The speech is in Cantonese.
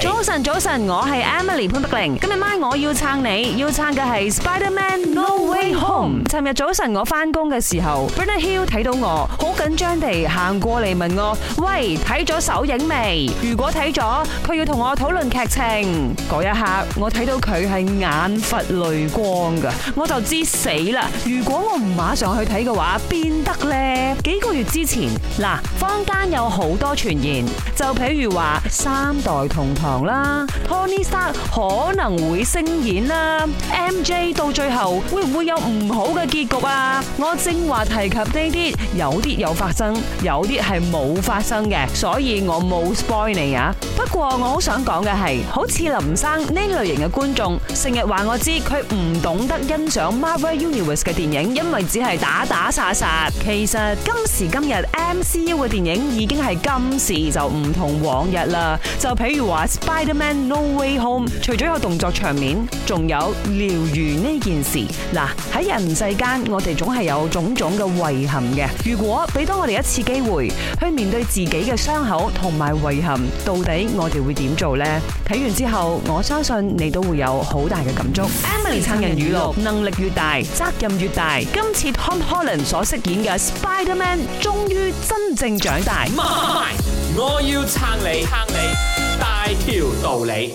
早晨，早晨，我係 Emily 潘德玲。今日晚我要撐你要撐嘅係 Spiderman No Way Home。尋日早晨我翻工嘅時候，Brenda Hill 睇到我，好緊張地行過嚟問我：喂，睇咗首映未？如果睇咗，佢要同我討論劇情。嗰一刻我睇到佢係眼發淚光噶，我就知死啦。如果我唔馬上去睇嘅話，邊得呢？幾個月之前，嗱，坊間有好多傳言，就譬如話三代同堂啦，Tony 嘥。可能會升演啦，MJ 到最後會唔會有唔好嘅結局啊？我正話提及呢啲，有啲有發生，有啲係冇發生嘅，所以我冇 spoil 你啊。不過我好想講嘅係，好似林生呢類型嘅觀眾，成日話我知佢唔懂得欣賞 Marvel Universe 嘅電影，因為只係打打殺殺。其實今時今日 MCU 嘅電影已經係今時就唔同往日啦。就譬如話 Spider-Man No Way Home。除咗有動作場面，仲有療癒呢件事。嗱，喺人世間，我哋總係有種種嘅遺憾嘅。如果俾多我哋一次機會去面對自己嘅傷口同埋遺憾，到底我哋會點做呢？睇完之後，我相信你都會有好大嘅感觸。Emily 撐人語錄：能力越大，責任越大。今次 Tom Holland 所飾演嘅 Spider-Man 終於真正長大我。我要撐你，撐你，大條道理。